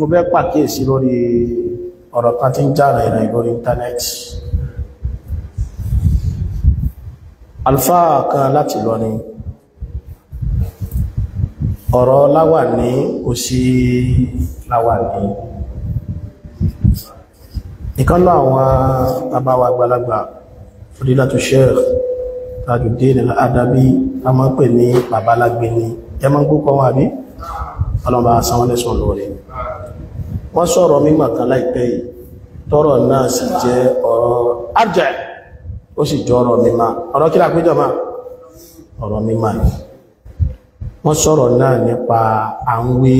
mo bẹ́ pàkíyèsí lórí ọ̀rọ̀ kan tí ń jára ìrìn lórí íńtánẹ́ẹ̀tì alfáà kan láti lọ ni ọ̀rọ̀ láwà ní kò sí láwà ní ìkan náà àwọn abáwà àgbàlagbà orílẹ̀-èdè Sheikh Tajudeen Al-Adabi a máa ń pè ní babalágbé ni ẹ máa wọn àbí ọlọ́mọ àsáwọn lórí wọ́n sọ̀rọ̀ mímọ̀ kan láìpẹ́ yìí tọ́rọ̀ náà sì jẹ́ ọ̀rọ̀ arjẹ́ ó sì jọ ọ̀rọ̀ mímọ̀ ọ̀rọ̀ kí ọ̀rọ̀ mímọ̀ yìí wọ́n sọ̀rọ̀ náà nípa àwé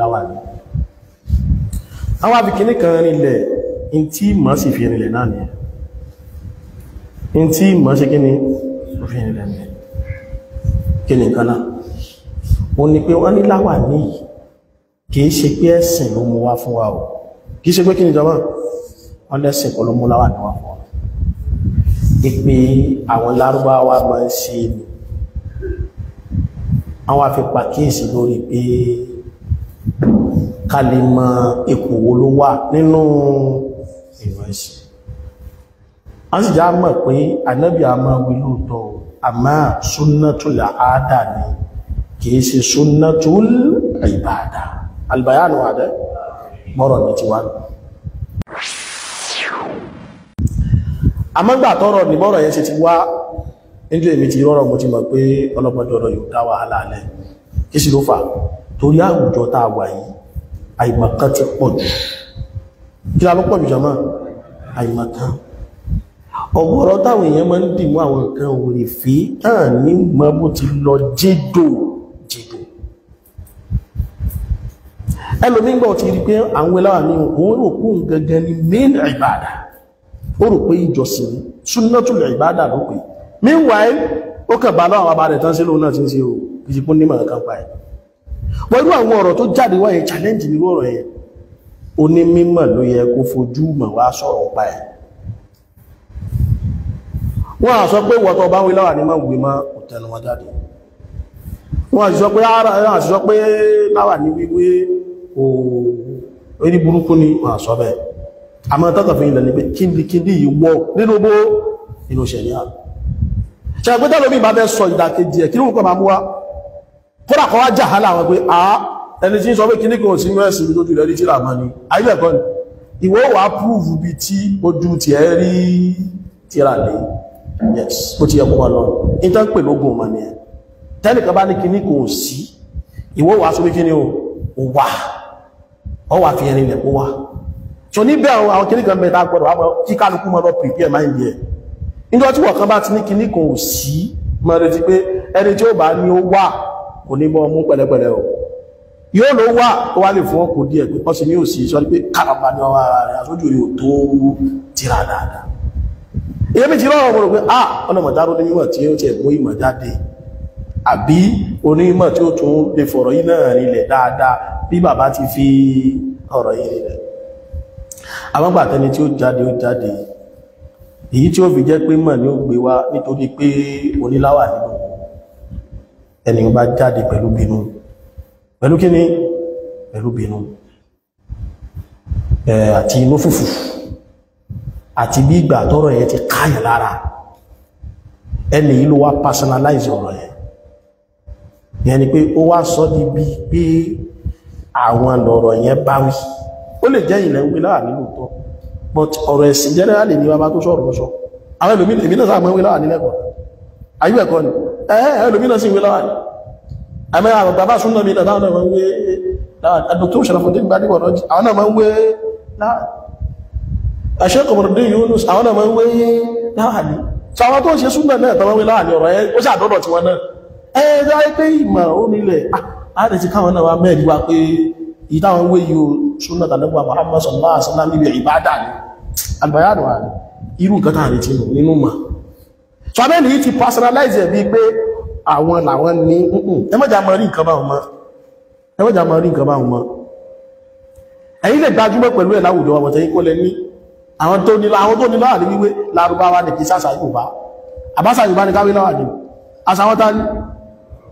láwàní kí kí ni ó ó ní pé wọ́n ní láwà ní kìí ṣe pé ẹ̀sìn ló mú wá fún wa o kìí ṣe pé kí ni jọba wọ́n lẹ́sìn kọ́ ló mú láwà ní wá fún wa ìpè àwọn lárúbáwá máa ń ṣe ni àwọn àfipà kíyèsí lórí pé ká lè mọ ipò wo ló wà nínú ìwọ̀n ìṣẹ́ a sì já mọ̀ pé ànábì a wí lóòótọ́ àmọ́ súnná tó là áádà ni kìí ṣe sunnatul ibada albayanu adẹ́ mọ́rọ̀ ní ti wá àmọ́gbà tọ́rọ ní mọ́rọ̀ yẹn ṣe ti wá nílé èmi ti rọ́rọ̀ mo ti mọ̀ pé ọlọ́pọ̀dọ̀ ọ̀rọ̀ yóò dá wàhálà alẹ́ kí táwọn èèyàn máa ń dìmú àwọn nǹkan òrìfí náà ní mọ́ bó ti lọ jédò ẹlòmíín gbọ́ ti rí pé àwọn ẹlẹ́wà ní òun rò pé òun gangan ni main ó rò pé ìjọsìn ni sunnatul ló pé meanwhile ó kàn bá lọ́wọ́ bá rẹ̀ o ìsìnkú nímọ̀ kan pa ẹ̀ wọ́n irú àwọn ọ̀rọ̀ challenge nírú ọ̀rọ̀ yẹn onímímọ̀ ló yẹ kó fojú mọ̀ wá sọ̀rọ̀ pa ẹ̀ wọ́n á sọ pé wọ́tọ̀ bá wí láwà ní máa wùgbé máa òtẹ̀nu wọn sọ pé láwà ní wíwé orí burúkú ni wọ́n sọ bẹ́ẹ̀ àmọ́ tọ́tọ̀fin ilẹ̀ ni pé kíndìkíndì yìí wọ́ nínú bó inú ṣẹ̀ríà ṣàgbétà lómi bá fẹ́ sọ ìdàkejì ẹ̀ kí ní kọ́ máa mú wá kódà kọ́ wá jàhálà wọn pé a ẹni tí ń sọ pé kíní kan sí mẹ́sìn mi lójú rẹ̀ rí tíra mọ́ni ayé ẹ̀kọ́ ni ìwọ wàá púrúfù bí tí ojú tiẹ̀ rí tíra lé yes ó ti yẹ kó wá lọ nítorí pé lógún ọmọ ni ẹ tẹ́nìkan bá ní kíní kan sí ìwọ wàá sọ pé kíní o wà ọ wà fi ẹrin lẹ̀kọ́ wá so níbẹ̀ àwọn kìnnì kan mẹ́ta gbọ́dọ̀ wà kí kálukú mọ́ lọ prepare mind yẹ níjọ́ tí wọ̀kan bá ti ní kinní kan ò sí mọ́ retí pé ẹni tí ó bá ní ó wà kò ní mọ́ mú pẹ̀lẹ́pẹ̀lẹ́ o yóò ló wà ó wá lè fún ọkù díẹ̀ pé ọsìn ní òsì sọ pé ah ọ̀nà mọ̀dáró ní mímọ̀ tí ó tiẹ̀ àbí onímọ̀ tí ó tún lè fọ̀rọ̀ yìí náà rinlẹ̀ dáadáa bí bàbá ti fi ọ̀rọ̀ yìí rinlẹ̀ àmọ́gbàtẹni tí ó jáde ó jáde èyí tí ó fi jẹ́ pé mọ̀ ní ó gbé wá nítorí pé oníláwà nínú ẹni bá jáde pẹ̀lú bínú pẹ̀lú kí ni pẹ̀lú bínú àti inú fùfù àti bí ìgbà tọ́rọ̀ yẹn ti káyẹ̀ lára ẹni yìí ló wá personalize ọ̀rọ̀ yẹn yẹn ni pé ó wá sọ di bí pé àwọn lọ̀rọ̀ yẹn bá wí ó lè jẹ́ ilẹ̀ wí láà nílò tọ́ but ọ̀rọ̀ ẹ̀sìn generally ni bàbá tó sọ̀rọ̀ sọ àwọn ẹlòmí èmi náà sáàmọ́ wí láà nílẹ̀kọ̀ọ́ ayú ẹ̀kọ́ ni ẹ̀ẹ́ ẹlòmí náà sì wí láà ní àmì àwọn bàbá súnmọ́ mi náà táwọn náà máa ń wé àdókòtò Sharafuddin Gbadébọ̀rọ̀ àwọn náà máa ń wé láà Sheikh Qamruddin Yunus àwọn náà máa ń wé láà ẹ̀rọ ẹgbẹ́ ìmọ̀ ó nílẹ̀ ààrẹ ah, ti káwọn náà wá mẹ́rin wá pé ìdáwọn wé yíò ṣúnà tàbí Muhammad sallallahu alaihi wasallam níbi ìbádà ní albayanu ààrẹ irú nǹkan tààrẹ ti nù nínú mà fàbẹ́lì yìí ti personalize ẹ̀ bí pé àwọn làwọn ní ẹ má jà mọ́ rí nǹkan báwọn mọ́ ẹ má jà mọ́ rí nǹkan báwọn mọ́ ẹ̀yin lè gbajúmọ̀ pẹ̀lú ẹ̀ láwùjọ ọmọ tẹ́yìn kó lẹ ní àwọn tó ní àwọn tó ní láwà ní wíwé lárúbáwá ní kí sáṣà Yorùbá àbáṣà Yorùbá ní káwé láwà ní àṣà wọn ta ní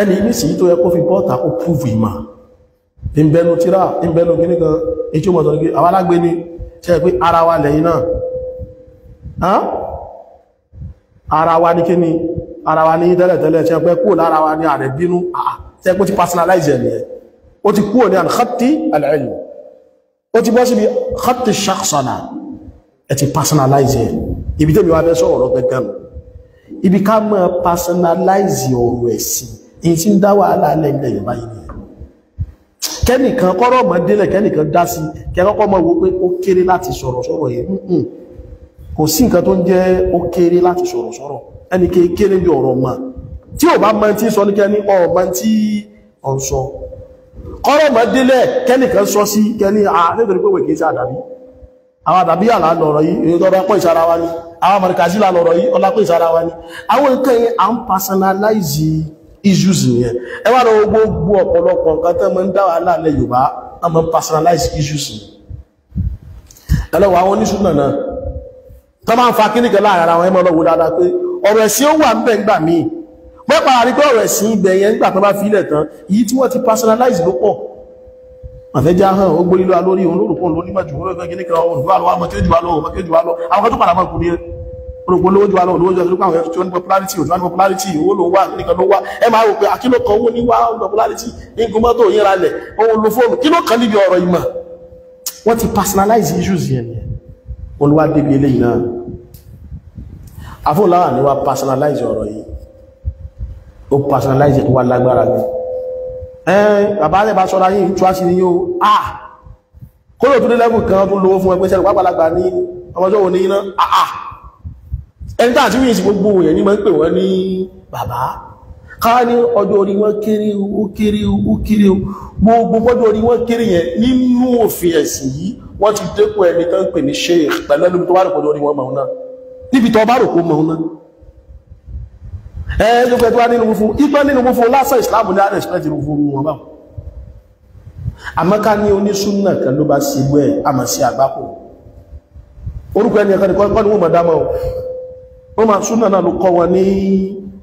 ẹni nísìnyí tó yẹ kó fi bọ́ọ̀tà kó púùfù ìmà ìbẹnu tíra ìbẹnu gínígan ètí òmọ̀tọ̀ ní àwọn alágbé ní tẹ́ pé ara wa lẹ́yìn náà ara wa ní kíní ara wa ní tẹ́lẹ̀tẹ́lẹ̀ tẹ́ pé kúrò lára wa ní ààrẹ bínú tẹ́ personalize ẹ̀ nìyẹn ó ti kúrò ní àlùkàtí àlẹ́lù ó personalize ẹ̀ ibi tẹ́mi wa fẹ́ sọ̀rọ̀ gẹ́gẹ́ ibi ká mọ́ personalize ọ̀rọ̀ ẹ̀sìn èyí tí ń dá wàhálà alẹ́ ilẹ̀ Yorùbá yìí nìyẹn kẹ́nìkan kọ́rọ̀ mọ́ délẹ̀ kẹ́nìkan dá sí kẹ́kọ́kọ́ mọ́ wo pé ó kéré láti sọ̀rọ̀ sọ̀rọ̀ yẹn kò sí nǹkan tó ń jẹ́ ó kéré láti sọ̀rọ̀ sọ̀rọ̀ ẹnì kékeré bí ọ̀rọ̀ mọ́ tí ò bá mọ tí sọ ní kẹ́ni ọ̀mọ tí ọ̀ ń sọ kọ́rọ̀ mọ́ délẹ̀ issues nìyẹn ẹ wá lọ gbogbo ọ̀pọ̀lọpọ̀ nǹkan tẹ́ mọ́ ń dá wàhálà lẹ Yorùbá a mọ́ personalize issues ni ẹ lọ wọ àwọn oníṣúná náà tó máa ń fa kíníkan láàrin ara wọn ẹ mọ́ lọ wo dáadáa pé ọ̀rọ̀ ẹ̀sìn ó wà ń bẹ̀ ń gbà míì mẹ́pa àrígbọ́ ọ̀rọ̀ ẹ̀sìn ibẹ̀ yẹn nígbà tó bá fi ilẹ̀ tán èyí tí wọ́n ti personalize ló pọ̀ àfẹ́já hàn ó gbórílọ́ alórí òun lórúkọ òun lónímọ̀ jù wọ́n lọ́gbẹ́gẹ́ níkan ọ̀rọ̀ àlọ́ àmọ́ olùkọ́ olówó ju alọ́ olówó ju alọ́ àwọn tí wọ́n ní popularity òtún wọ́n ní popularity owó ló wà nìkan ló wà ẹ máa rò pé àkílò ah, kan owó ní wá popularity ní gómọ́tò yín ra lẹ̀ òun lo fóònù kí ló kàn níbi ọ̀rọ̀ ìmọ̀ wọ́n ti personalize issues yẹn ni olúwa débi eléyìí náà afúnláwà ni wá personalize ọ̀rọ̀ yìí ó personalize tó wá lágbára bí ẹn bàbá rẹ̀ bá sọ́ra yìí tó àṣírí yóò ah kó lò tó dé lẹ́bù kan tó lówó fún ẹgbẹ́ sẹ́rù pápálágbà ní ọmọjọ́ òní iná ah ah ẹni tá àti wíyìn gbogbo èèyàn ní máa ń pè wọ́n ní bàbá ká ní ọjọ́ orí wọn kéré ó kéré ó gbogbo ọjọ́ orí wọn kéré yẹn nínú òfin ẹ̀sìn yìí wọ́n ti dẹ́kun ẹni tó ń pè ní sheikh pẹ̀lú ẹni tó bá rò pọ̀jọ́ orí wọn mọ̀ náà níbi tó bá rò pọ̀ mọ̀ náà ló nínú fún ipá nínú fún lásán ní fún wọn báwọn àmọ́ká ní kan ló bá sí àgbákò wọ́n máa súnà náà ló kọ́ wọn ní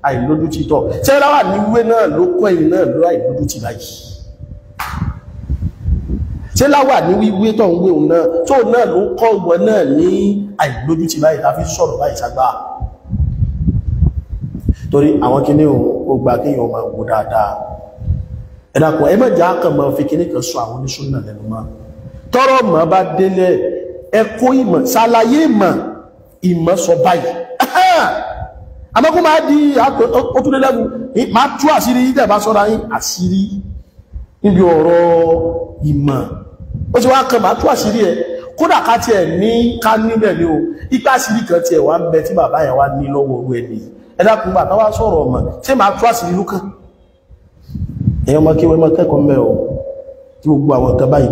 àìlójú títọ́ tẹ́láwà níwé náà ló kọ́ ẹ̀yìn náà ló àìlójú ti báyìí tẹ́láwà ní wíwé tó ń wé òun náà tó náà ló kọ́ wọn náà ní àìlójú ti báyìí láfi sọ̀rọ̀ báyìí sagbá torí àwọn kíní ò gba kéèyàn máa wò dáadáa ẹ ẹ mọ̀já kan fi kíní kan sọ àwọn oníṣúná lẹ́nu mọ́ tọ́rọ̀ mọ́ bá délẹ̀ ẹ ìmọ̀ ṣàlàyé ìmọ̀ ìmọ̀ sọ báyìí náà àmọ́kú máa di ótúlélẹ́gùn máa tú àṣírí ìdẹ̀ bá sọ́ra yín àṣírí níbi ọ̀rọ̀ ìmọ̀ ó ti wá kan máa tú àṣírí ẹ̀ kódà ká tiẹ̀ ní ká níbẹ̀ ni o ipá àṣírí kan tiẹ̀ wá ń bẹ tí bàbá yẹn wá ní lọ́wọ́ owó ẹni ẹ̀dàkùn bàbá wá sọ̀rọ̀ ọmọ tí máa o tí gbogbo àwọn nǹkan báyìí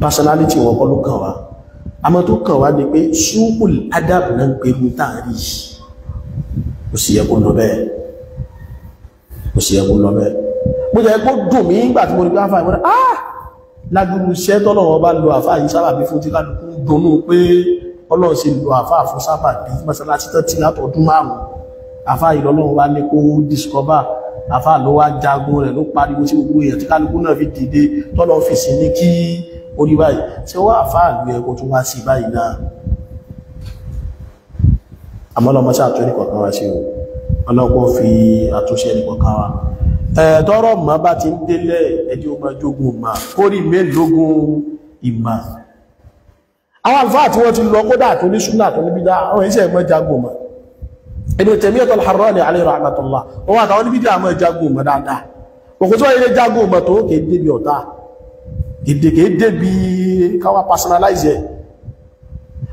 personality wọn kọ́ ló kàn wá àmọ́ tó kàn wá ni pé ṣúkùl adab náà ń pè mú táàrí kò sì yẹ kó lọ bẹ́ẹ̀ kò sì yẹ kó lọ bẹ́ẹ̀ mo jẹ́ kó dùn mí nígbà tí mo rí pé àfáà ìwọ́n ah lágbúrú iṣẹ́ tọ́nà wọn bá lo àfáà yìí sábàbí fún tí kálukú dunnú pé ọlọ́run ṣe lo àfáà fún sábàbí mọ́sálásí tán tí látọ̀ọ́dún márùn-ún àfáà ìlọ́lọ́run wá ní kó discover àfáà ló wá jagun rẹ̀ ló pariwo sí gbogbo èèyàn tí kálukú náà fi dìde tọ́lọ fi sí ní kí orí báyìí tí ó wá àfáà lu ẹ̀kọ́ tó wá sí báyìí náà àmọ́ lọ́mọ sí àtúnṣe nìkọ̀kan wa sí o ọlọ́pọ̀ fi àtúnṣe nìkọ̀kan wa tọ́rọ̀ mọ́ bá ti ń délẹ̀ ẹjí o máa jogun ma kórì mélòógún ìmà àwọn àlùfáà tí wọ́n ti lọ kódà tó ní súnà tó ní bídá àwọn iṣẹ́ ẹgbẹ́ jagun mọ́ Ibn Taymiyyah al-Harrani alayhi rahmatullah ó wà táwọn níbi tí a máa jagun mọ́ dáadáa òkú tí wọ́n yẹ jagun mọ́ tó kéé débi ọ̀tá kéé débi káwa personalize ẹ̀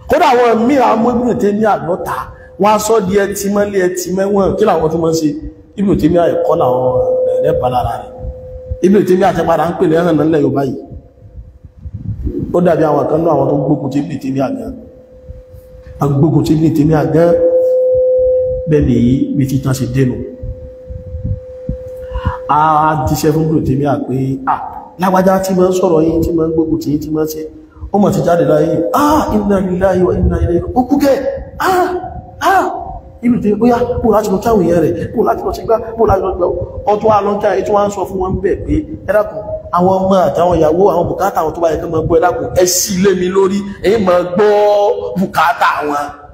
kódà àwọn mìíràn mú Ibn Taymiyyah àlọ́ta wọ́n á sọ di ẹtì mọ́lé ẹtì mẹ́wọ̀n kí làwọn tó máa ń ṣe Ibn Taymiyyah àìkọ́ làwọn ẹ̀rẹ́ palára rẹ̀ Ibn Taymiyyah àtẹ́padà ń pè lẹ́hàn náà lẹ́yọ̀ báyìí ó dàbí àwọn kan náà àwọn tó gbógun bẹ́ẹ̀ni yìí bí títàn sí dénú a jíṣẹ́ fún gbò tèmi àpé à lágbàjá tí ma ń sọ̀rọ̀ yìí tí ma ń gbógun tí tí ma ń ṣe ó mọ̀ ti jáde láyé wa inna ilayhi ó kú gẹ́ ah ah ibi tí ó yá kó láti lọ táwọn èèyàn rẹ̀ kó láti lọ ti gbá kó láti lọ gbá ọtún alọ́jà ètò wá ń sọ fún wọn àwọn ọmọ àtàwọn ìyàwó àwọn bùkátà àwọn tó bá yẹ kán gbọ́ ẹ̀dàkùn ẹ sí lórí èyí máa gbọ́ bùkátà wọn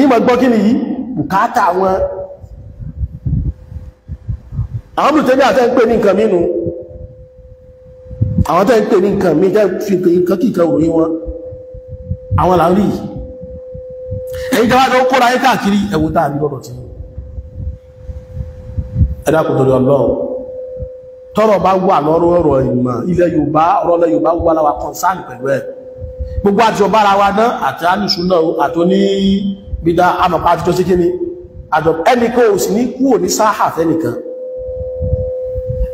ìmọ̀ gbọ́ kí ni yìí bùkátà wọn àwọn bùtẹ́bí àtẹ́ ń pè ní nǹkan mínú àwọn tẹ́ ń pè ní nǹkan mí tẹ́ fi pè nǹkan kíkẹ́ òní wọn àwọn là ẹ̀yìn tẹ́wà tó kóra yí káàkiri ẹ̀wò tá gbogbo àti ọba ara wa náà àti bídá amọ̀pá àtijọ́ sí kíní àjọ ẹnìkan ò sì ní kúrò ní sáhà fẹ́nìkan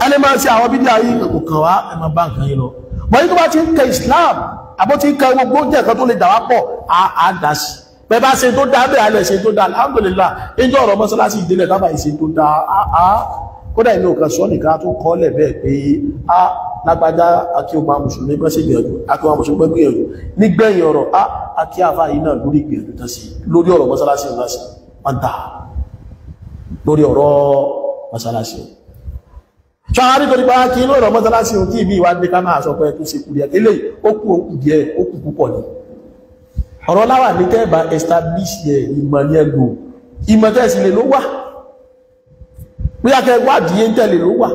ẹni máa ń ṣe àwọn bídá yìí kò kàn wá ẹ máa bá nǹkan yìí lọ bọ́ yìí tó bá ti ń kẹ Islam àbó ti ń kẹ gbogbo jẹ́ nǹkan tó lè dà wá pọ̀ á dà tó dá bẹ́ẹ̀ alẹ́ ṣe tó dá alhamdulillah ẹjọ́ ọ̀rọ̀ mọ́sálásí ìdílẹ̀ tábà ìṣe tó dá á kódà inú kan sọ nìkan tó kọ́ lẹ̀ bẹ́ẹ̀ pé lágbájá akí o máa mùsùlùmí gbọ́n sí gbìyànjú akí o máa mùsùlùmí gbọ́n gbìyànjú nígbẹ̀yìn ọ̀rọ̀ á akí àfà yìí náà lórí gbìyànjú tán sí lórí ọ̀rọ̀ mọ́sálásí ìrìnlásí ọ̀dà lórí ọ̀rọ̀ mọ́sálásí ṣọ́hárí tó nípa kí inú ọ̀rọ̀ mọ́sálásí ohun tí ibi ìwà ní ká máa sọ pé tó ṣe kùdìẹ̀ kí léyìí ó kù ó kù díẹ̀ ọ̀rọ̀ láwà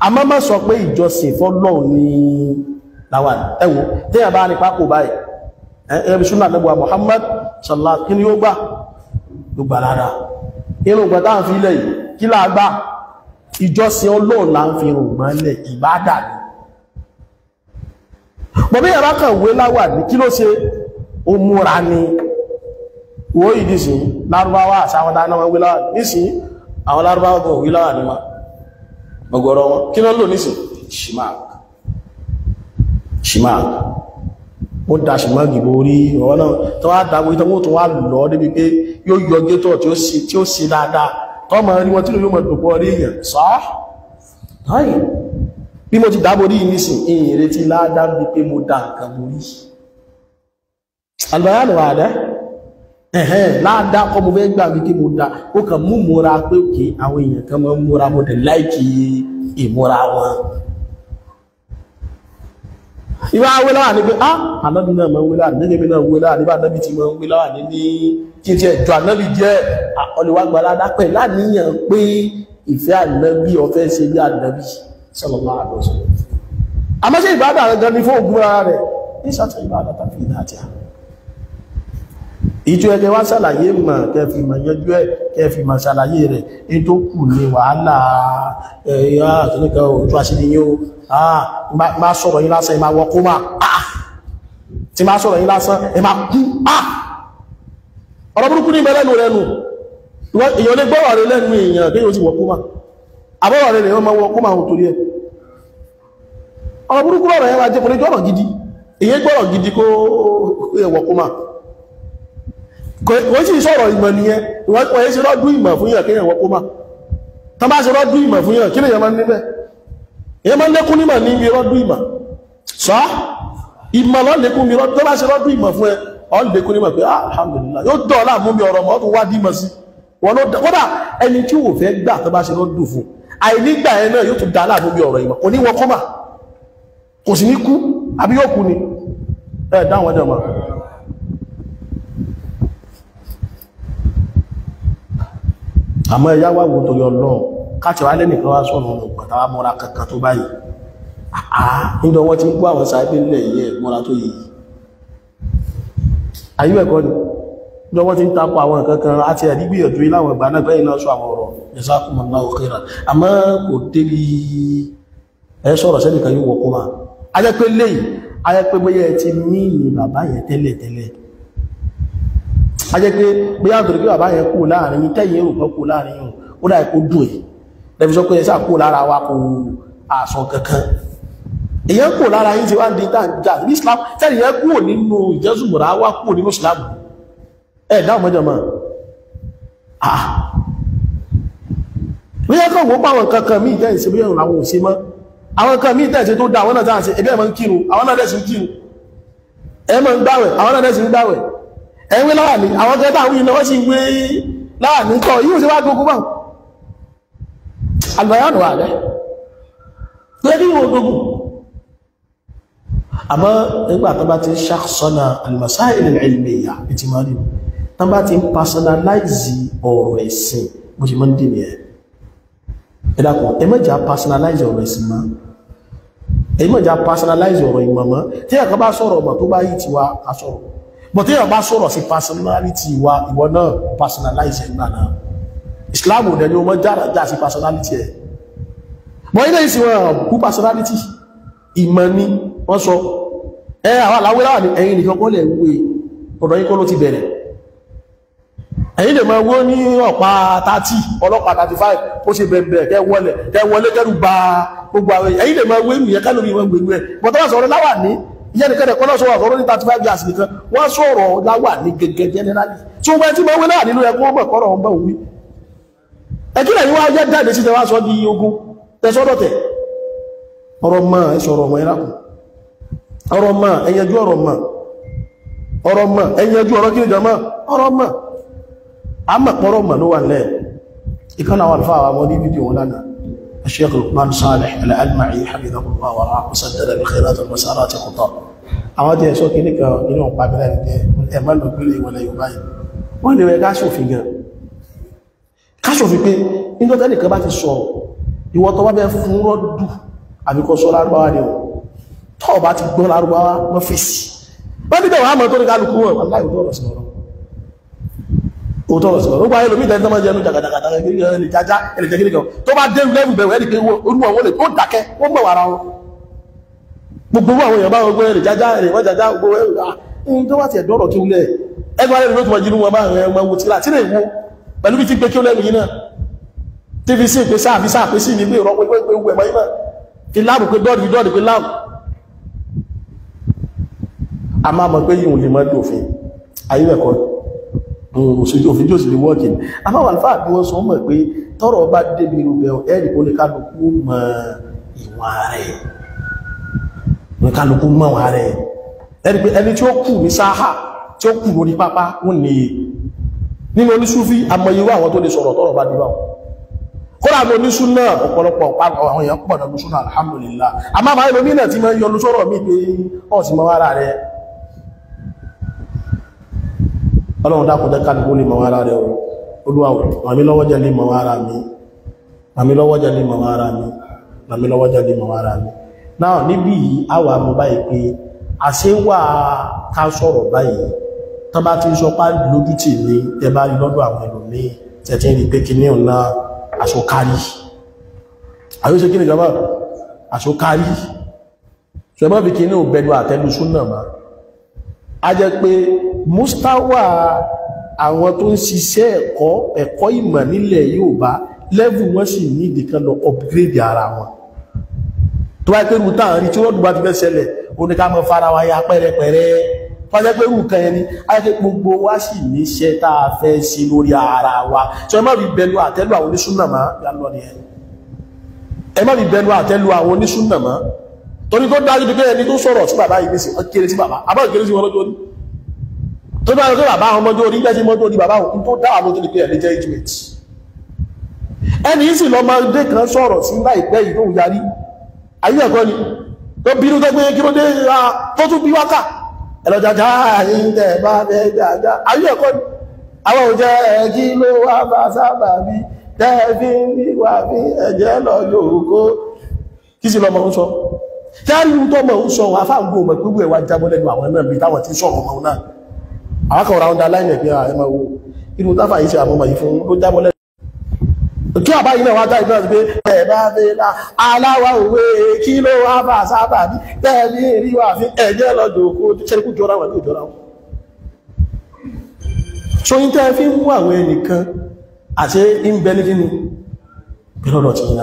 a má má sọ pé ìjọsìn fọ́lọ́ ní láwà ẹ̀wọ̀n tí a bá ní pápò báyìí ẹ̀rẹ́ ṣúnà lẹ́gbà Muhammad sallá kí ni ó gbà ló gbà lára inú gbà táà fi ilẹ̀ yìí kí láàgbà ìjọsìn Ọlọ́run là ń fi rùgbọ́n lẹ̀ ìbádà ní bọ̀bí yàrá ọgọ́rọ̀ wọn kí ló lò nísìn shimak shimak ó da shimak ìbò orí ọwọ́ náà tó wá dágbó ìtọ́ wọ́n tó wá lọ débi pé yóò yọ gétọ̀ tí ó sì dáadáa tọ́ mọ̀ rí wọn tí ló mọ̀ dòpò orí èèyàn sọ́ táyì bí mo ti dábò rí nísìn ìyìn retí ládàá bí pé mo da nǹkan borí albayanu àdá ẹ̀hẹ́n láàdá kọ́ mo fẹ́ gbà wípé mo da ó kàn mú múra pé òkè àwọn èèyàn kan máa ń múra mo dẹ̀ láìkì ìmúra wọn. ìwà awélá wà ní pé ah, á ànábì náà máa ń wélá àní níbi náà wélá àní bá ànábì ti máa ń wélá àní ní kí n tiẹ̀ jọ ànábì jẹ́ ọ̀lẹ́wàgbà ládàpẹ̀ láníyàn pé ìfẹ́ ànábì ọ̀fẹ́ ṣe bí ànábì sallallahu alaihi wasallam àmọ́ ṣe ìbádà rẹ̀ gan ni fún ògùn ara rẹ̀ ní sọ́tọ̀ ìbádà tàbí ìdájà ìtò ẹjẹ wá ṣàlàyé mọ̀ kẹfì mọ̀ yẹjú ẹ̀ kẹfì mọ̀ ṣàlàyé rẹ̀ ní tó kù ní wàhálà ẹ̀yà àtúnikà òtú àṣíníyàn o máa sọ̀rọ̀ yín lásán ẹ máa wọkó máa tí máa sọ̀rọ̀ yín lásán ẹ máa kú ọ̀rọ̀ burúkú ní ìbẹ̀lẹ́nu rẹnu èèyàn lè gbọ́rọ̀ rẹ wọ́n sì sọ̀rọ̀ ìmọ̀ nìyẹn wọ́n yẹ́ sí rọ́dú ìmọ̀ fún yàn kíyàn wọ́pọ̀ máa tán bá sí rọ́dú ìmọ̀ fún yàn kí lè yàn máa níbẹ̀ èyàn máa lékún nímọ̀ ní ibi rọ́dú ìmọ̀ sọ́ ìmọ̀ lọ́ lékún mi rọ́dú tó bá sí rọ́dú ìmọ̀ fún ẹ ọ́ lékún nímọ̀ pé ah, alhamdulillah yóò dọ̀ ọ́lá mú mi ọ̀rọ̀ mọ́ tó wá dímọ̀ sí wọn ló dá kódà ẹni tí wò fẹ́ gbà tó bá sí rọ́dú fún àìnígbà ẹ náà yóò tún dá láàmú bí ọ̀rọ̀ ìmọ̀ kò ní wọ́n kọ́mà kò sì ní kú àmọ́ ẹ̀yà wà wò torí ọlọ́run káàkiri wá lẹ́nìkan wá sọ̀rọ̀ ọ̀nà ògbà táwa mọ́ra kankan tó báyìí àá nígbà wọ́n ti ń kó àwọn sáábé nílẹ̀ yìí mọ́ra tó yìí ayé ẹ̀kọ́ ni nígbà wọ́n ti ń takọ àwọn nǹkan àti ẹ̀dígbìyànjú a jẹ́ pé bí yàtọ̀ kí bàbá yẹn kú láàrin yìí tẹ́yìn èrò kan kú láàrin yìí ó dà kó dùn ẹ̀ lẹ́fi sọ pé ẹ sáà kú lára wa kò àsọ kankan èyàn kú lára yìí ti wá ń di tá à ń jà ní Islam tẹ́lì yẹn kú nínú ìjẹ́sùmùrà wá kú nínú Islam ẹ̀ dáhùn mọ́jọ mọ́ ah bí yẹn kàn wọ́pọ̀ àwọn kankan míì tẹ́yìn sí bí yẹn làwọn ò ṣe mọ́ àwọn kan míì tẹ́yìn sí tó dá àwọn náà tá à ń ṣe ẹgbẹ́ ẹ̀ máa ń kírun àwọn náà dẹ̀ sí ń kírun ẹ̀ ẹ̀wé láàní àwọn kẹta àwọn ìnáwó sí gbé láàní kọ yíò sí wá gbogbo báwọn alùbáyánù wà rẹ̀ tó yẹ́ wọ́n gbogbo àmọ́ nígbà tó bá ti ṣàkṣọ́nà al-masail al-ilmiyya ìtì máa rí tó personalize ọ̀rọ̀ ẹ̀sìn bó ṣe máa ń dìní ẹ̀ ẹ̀dàkùn ẹmẹ́jà personalize ọ̀rọ̀ ẹ̀sìn máa ẹmẹ́jà personalize ọ̀rọ̀ ìmọ̀mọ́ tí ẹ̀kọ́ bá sọ̀rọ̀ ọmọ tó bá yìí ti wá asọ̀rọ̀ but èèyàn bá sọ̀rọ̀ sí personality wa ìwọ náà personalize ẹgbà náà Islam ò dẹni ọmọ jára já sí personality ẹ̀ mọ́ ilé ìsìn wọn kú personality ìmọ̀ ni wọ́n sọ ẹ àwọn aláwẹ́láwà ní ẹ̀yìn nìkan kọ́lẹ̀ wé ọ̀rọ̀ yín kọ́ ló ti bẹ̀rẹ̀ ẹ̀yìn lè máa wó ní ọ̀pá 30 ọlọ́pàá 35 ó ṣe bẹ̀rẹ̀ kẹwọlẹ̀ kẹwọlẹ̀ kẹrù bá gbogbo àwọn ẹ̀yìn lè máa wé nìyẹn kálórí wọn gbèrú ẹ̀ bọ̀tọ́wọ́sọ̀rọ̀ láwà ní ìyẹn nìkan ẹ̀kọ́ náà sọ wà sọ̀rọ̀ ní thirty five years nìkan wọ́n sọ̀rọ̀ láwà ní gẹ́gẹ́ generally tí wọ́n ti máa wé náà nínú ẹ̀kọ́ ọgbọ̀n kọ́rọ̀ ọgbọ̀n òwú ẹ̀kí lẹ́yìn wá yẹ jáde sí tẹwà sọ di ogun tẹsọ́dọ̀ tẹ̀ ọ̀rọ̀ mọ́ ẹ sọ̀rọ̀ ọmọ ẹ̀rákùn ọ̀rọ̀ mọ́ ẹ̀yẹjú ọ̀rọ̀ mọ́ ọ̀rọ̀ mọ́ ẹ̀yẹjú ọ̀rọ̀ kí nìjọ mọ́ ọ̀rọ̀ mọ́ àmọ̀pọ̀rọ̀ mọ́ ló wà lẹ́ẹ̀ ìkànnà àwọn àlùfáà àwọn ní fídíò wọn lánàá الشيخ لقمان صالح الألمعي حفظه الله ورعاه وسدد بالخيرات والمسارات خطاه àwọn tí ẹ̀ṣọ́ kí níkan nínú pàbílá ìdẹ ẹ̀mọ́ lògbílẹ̀ ìwọlẹ̀ yorùbá yìí wọ́n ni rẹ̀ káṣòfin gan káṣòfin pé nígbà tẹ́lì kan bá ti sọ̀rọ̀ ìwọ tó bá bẹ́ fún rọ́dù àbíkọ́ sọ lárúbáwá ni tọ́ bá ti gbọ́ lárúbáwá mọ́fíìsì bá níbẹ̀ wà á mọ̀ tó ní kálukú wọn aláìwọ̀ ọ̀rọ̀ sí ọ̀rọ̀ òótọ́ lọ sí ọ̀rọ̀ gbogbo ayé lómi ìtẹ́ni tó máa jẹnu jàgàjàgàjà ẹni jájá ẹni jẹgírí kan tó bá dé lẹ́rù bẹ̀rù ẹni pé olúwa wọn lè ó dákẹ́ ó mọ̀ wàrà wọn gbogbo owó àwọn èèyàn bá wọn gbé ẹni jájá ẹni wọ́n jájá gbogbo ẹni ah, ohun tó wà tiẹ̀ dọ́rọ̀ kí wúlẹ̀ ẹgbẹ́ alẹ́ ló tó máa jinú wọn bá rẹ̀ wọn wo tíra tí lè wo pẹ̀lú bí ti gbé kí ó lẹ́nu yìí náà Mm, òfin tí ó sì lè wọ́kìn àmáwà alfáà bí wọ́n sọ mọ̀ pé tọ́rọ̀ bá débi irúgbẹ̀ ẹ̀rì oníkálukú mọ̀ ìwọ̀n rẹ̀ oníkálukú mọ̀ wọ́n rẹ̀ ẹ̀rì pé ẹni tí ó kù ní sáhà tí ó kù lórí pápá wọ́n ni nínú oníṣúfí amọ̀yíwá àwọn tó lè sọ̀rọ̀ tọ́rọ̀ bá débi àwọn kódà ní oníṣú náà ọ̀pọ̀lọpọ̀ àwọn èèyàn pọ̀ lọ́dún sọ́nà alhamdulillah àmọ́ àwọn ẹlòmí náà ti máa ń yọ lóṣọ́rọ̀ mí pé ọ̀sìn mọ́ rẹ̀ ọlọ́run dákùnjẹ́ kálùkù lè mọ̀ ara rẹ̀ olúwàwò àmì lọ́wọ́jẹ́ lè mọ̀ ara mi àmì lọ́wọ́jẹ́ lè mọ̀ ara mi àmì lọ́wọ́jẹ́ lè mọ̀ ara mi náà níbi yìí àwà mú báyìí pé àṣewà ká sọ̀rọ̀ báyìí tán bá ti ń sọpá lójú tì ní tẹ bá rí lọ́dọ̀ àwọn ẹlòmíì tẹ̀tí rí pé kíní ọ̀nà àṣọkárí àyóṣe kíni ìjọba àṣọkárí ṣùgbọ́n fi kíní ò bẹnu súnà máa a jẹ́ pé mustawa àwọn tó ń ṣiṣẹ́ ẹ̀kọ́ ẹ̀kọ́ ìmọ̀ nílẹ̀ Yorùbá lẹ́vù wọn sì ní ìdí kan lọ upgrade ara wọn tó bá pẹ́rù táà rí tí rọ́dùn bá ti fẹ́ ṣẹlẹ̀ ó ní ká mọ fara wa ya pẹ́rẹpẹ́rẹ́ pàṣẹ pẹ́rù kan ẹni ayẹ́kẹ́ gbogbo wa sì níṣẹ́ tá a fẹ́ ṣe lórí ara wa ṣe ẹ má fi bẹnu àtẹ́lù àwọn oníṣúná mọ́ ya lọ ni ẹ má fi bẹnu àtẹ́lù àwọn oníṣúná mọ́ torí tó dájú pé ẹni tó sọ̀rọ̀ sí bàbá yìí ní sí kéré sí bàbá àbá kéré sí wọn lọ́jọ́ ní tó bá rẹ̀ bàbá àwọn ọmọdé orí jẹ́sí mọ́tò orí bàbá òkú tó dáwà ló tó lè pé ẹ̀lẹ́ jẹ́ ìjìmẹ̀tì ẹni sì lọ́mọdé kan sọ̀rọ̀ sí láìpẹ́ yìí tó ń yarí ayé ẹ̀kọ́ ni tó bínú tó gbé kí ló dé ra tó tún bí wákà ẹ̀lọ́jàjá ayé bá bẹ́ gbàgbà ayé ẹ̀kọ́ ni àwọn òjẹ́ ẹ̀kí ló wá bá sábà bí tẹ́ẹ̀fí ń wà bí ẹ̀jẹ̀ lọ yòókó kí sì lọ́mọ ń sọ tẹ́rù tọ́mọ ń sọ àfáàgbò mọ̀ gbogbo ẹ̀wà jábọ́lẹ́nu àwọn náà bí táwọn ti sọ̀rọ̀ ọmọ náà àákọ̀ọ̀rọ̀ àwọn aláìní ẹ̀pẹ́ ẹmọ owó irú táfà yìí ṣe àmọ́mọ̀ yìí fún ó jábọ́ lẹ́nu kí àbá ilẹ̀ wá dá ìgbà pé ẹ̀bá òwe kí ló wá bá sábà bí tẹ́ẹ̀mí rí wà fi ẹ̀jẹ́ lọ́dọ̀ jọra wà ní ìjọra so fi ń mú àwọn ẹnìkan àti ń bẹ ní kíni lọ́dọ̀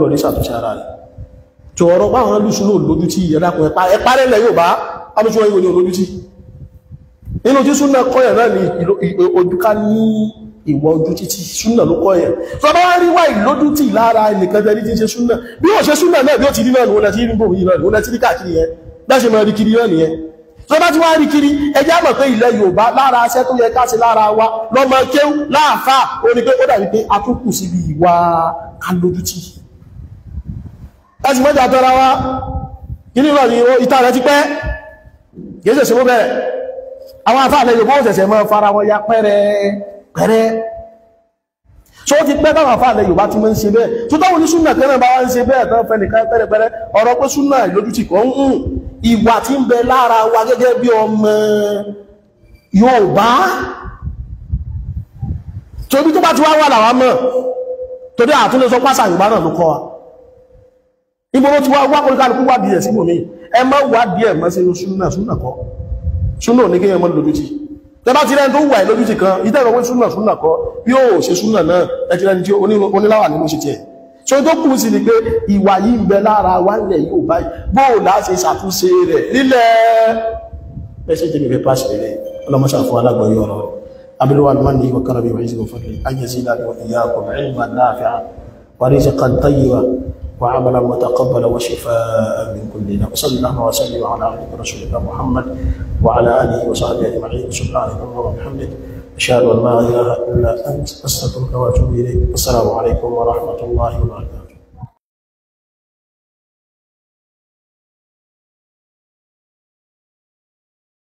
lọ ní ṣàtúnṣe ara rẹ̀ lùsùn lójú tí bá inú tí súnà kọ́yẹ̀ náà ni ojú ká ní ìwọ̀ ojú títí súnà ló kọ́yẹ̀ tọba rí wà ìlójú tí lára ẹnìkan jẹ́ ní tí ń ṣe súnà bí ó ṣe súnà náà bí ó ti rí náà lóòlẹ̀ tí rí bòmí náà lóòlẹ̀ tí rí káàkiri yẹn dáṣe wa lọ́mọ kéw láàfà ó ní pé ó dàbí pé a tún kù síbi ìwà alójútì ẹ̀sìn mọ́jà tọ́ra wa kí àwọn afáàlẹ̀ Yorùbá òṣẹ̀ṣẹ̀ mọ́ fara wọn ya pẹ́rẹ́ pẹ́rẹ́ tó ti pẹ́ táwọn afáàlẹ̀ Yorùbá ti mọ́ ń ṣe bẹ́ẹ̀ tó táwọn ní súnà kan náà bá wá ń ṣe bẹ́ẹ̀ tán fẹ́ nìkan pẹ́rẹ́ pẹ́rẹ́ ọ̀rọ̀ pé súnà ìlójú ti kọ́ ń hùn ìwà tí ń bẹ lára wa gẹ́gẹ́ bí ọmọ Yorùbá torí tó bá ti wá wà làwa mọ̀ torí àtúnlẹ̀ sọ pásà Yorùbá náà ló kọ́ wa ibo ti wá wá kọ́ni kálukú wá díẹ̀ sí mòmí ẹ má wá díẹ̀ mọ́ sínú súnà súnà kọ́ súnà ní kéèyàn mọ́ lójútì tẹ́bá ti rẹ́ni tó wà lójútì kan ìtẹ́rọ pé súnà súnà kọ́ yóò ṣe súnà náà ẹ̀tì rẹni tí oníláwà nínú ṣe tiẹ̀ so tó kù sí ni pé ìwà yìí ń bẹ lára wálẹ̀ yóò báyìí bóò láti ṣàtúnṣe rẹ̀ nílẹ̀ ẹ̀ṣẹ́ tẹ́mi fẹ́ pàṣẹ rẹ̀ ọlọ́mọṣà fún alágbọ̀nyí ọ̀rọ̀ abilwa almani wa karabi wa izinin fadli an yazida wa iyyakum ilman nafi'an wa rizqan tayyiban وعملا متقبلا وشفاء من كل داء وصلى الله وسلم على عبدك ورسولك محمد وعلى اله وصحبه اجمعين سبحانك اللهم وبحمدك اشهد ان لا اله الا انت استغفرك واتوب اليك السلام عليكم ورحمه الله وبركاته